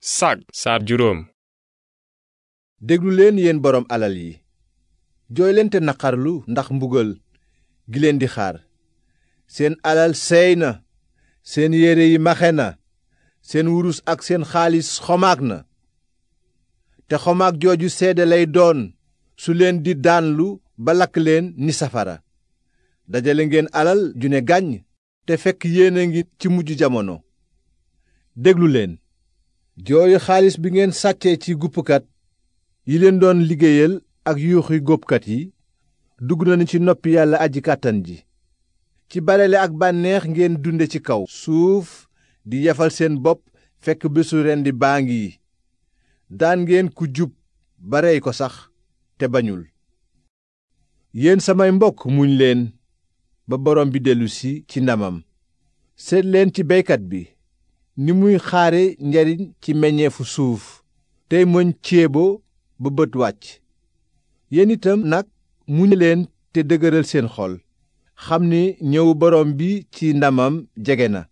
sag saab juróom déglu leen yéen boroom alal yi jooy te naqarlu ndax mbugal gi leen di xaar seen alal seey na seen yére yi maxe na seen wurus ak seen xaalis xomaag na te xomaag jooju sedd lay doon su leen di daanlu ba lakk leen ni safara dajale ngeen alal ju ne gàññ te fekk yéen a ngi ci mujj jamono dégluleen jooyu xaalis bi ngeen sàccee ci guppkat yi leen doon liggéeyal ak yuuxi góobkat yi dugg nañu ci noppi yàlla aji kàttan ji ci balele ak bànneex ngeen dunde ci kaw suuf di yafal seen bopp fekk bésu rendi baa ngi daan ngeen ku jub ba rey ko sax te bañul yéen samay mbokk muñ leen ba boroom bi dellusi ci ndamam seet leen ci beykat bi ni muy xaare njariñ ci meññeefu suuf tey mën ceebo ba bët wàcc yéen itam nag muñ leen te dëgëral seen xol xam ni ñëwu borom bi ci ndamam jege na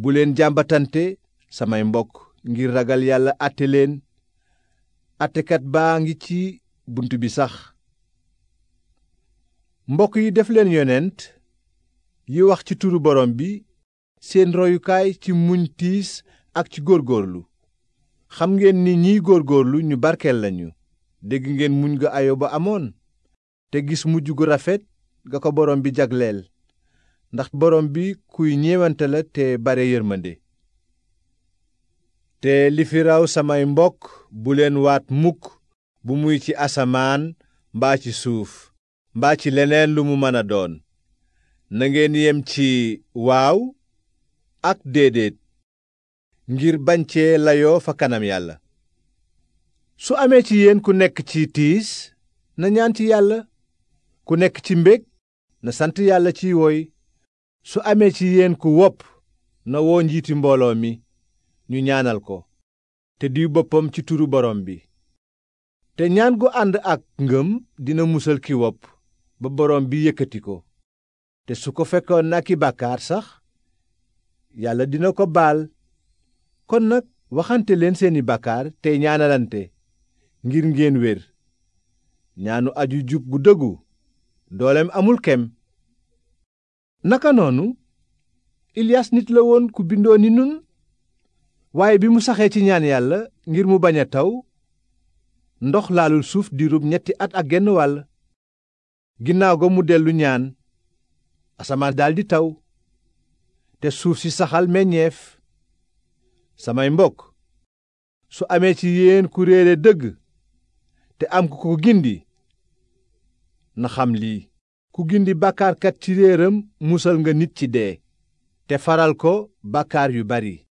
bu leen jàmbatante samay mbokk ngir ragal yàlla àtte leen àttekat baa ngi ci bunt bi sax mbokk yi def leen yonent yi wax ci turu borom bi seen royukaay ci muñ tiis ak ci góorgóorlu xam ngeen ni ñii góor góorlu ñu barkeel lañu dégg ngeen muñ ga ba amoon te gis mujj gu rafet nga ko borom bi jagleel ndax borom bi kuy ñeewante la te bare yërmande te li fi raw samay mbokk bu leen waat mukk bu muy ci asamaan mbaa ci suuf mbaa ci leneen lu mu mën a doon na ngeen yem ci waaw ak déedéet ngir bañ cee layoo fa kanam yàlla su amee ci yéen ku nekk ci tiis na ñaan ci yàlla ku nekk ci mbég na sant yàlla ci woy su amee ci yéen ku wopp na woo njiiti mbooloo mi ñu ñaanal ko te diw boppam ci turu borom bi te ñaan gu ànd ak ngëm dina musal ki wopp ba borom bi yëkkati ko te su ko fekkoon na ki bàkkaar sax yàlla dina ko baal kon nag waxante leen seeni bàkkaar tey ñaanalante ngir ngeen wér ñaanu aju jub gu dëggu dooleem amul kem naka noonu Ilias nit la woon ku bindoo ni nun waaye bi mu saxee ci ñaan yàlla ngir mu bañ a taw ndox laalul suuf diirub ñetti at ak genn wàll ginnaaw ga mu dellu ñaan asamaan daldi taw te suuf si saxal meññeef samay mbokk su amee ci yéen ku réere dëgg te am ku ko gindi na xam lii ku gindi bàkkaarkat ci réeram musal nga nit ci dee te faral ko bàkkaar yu bari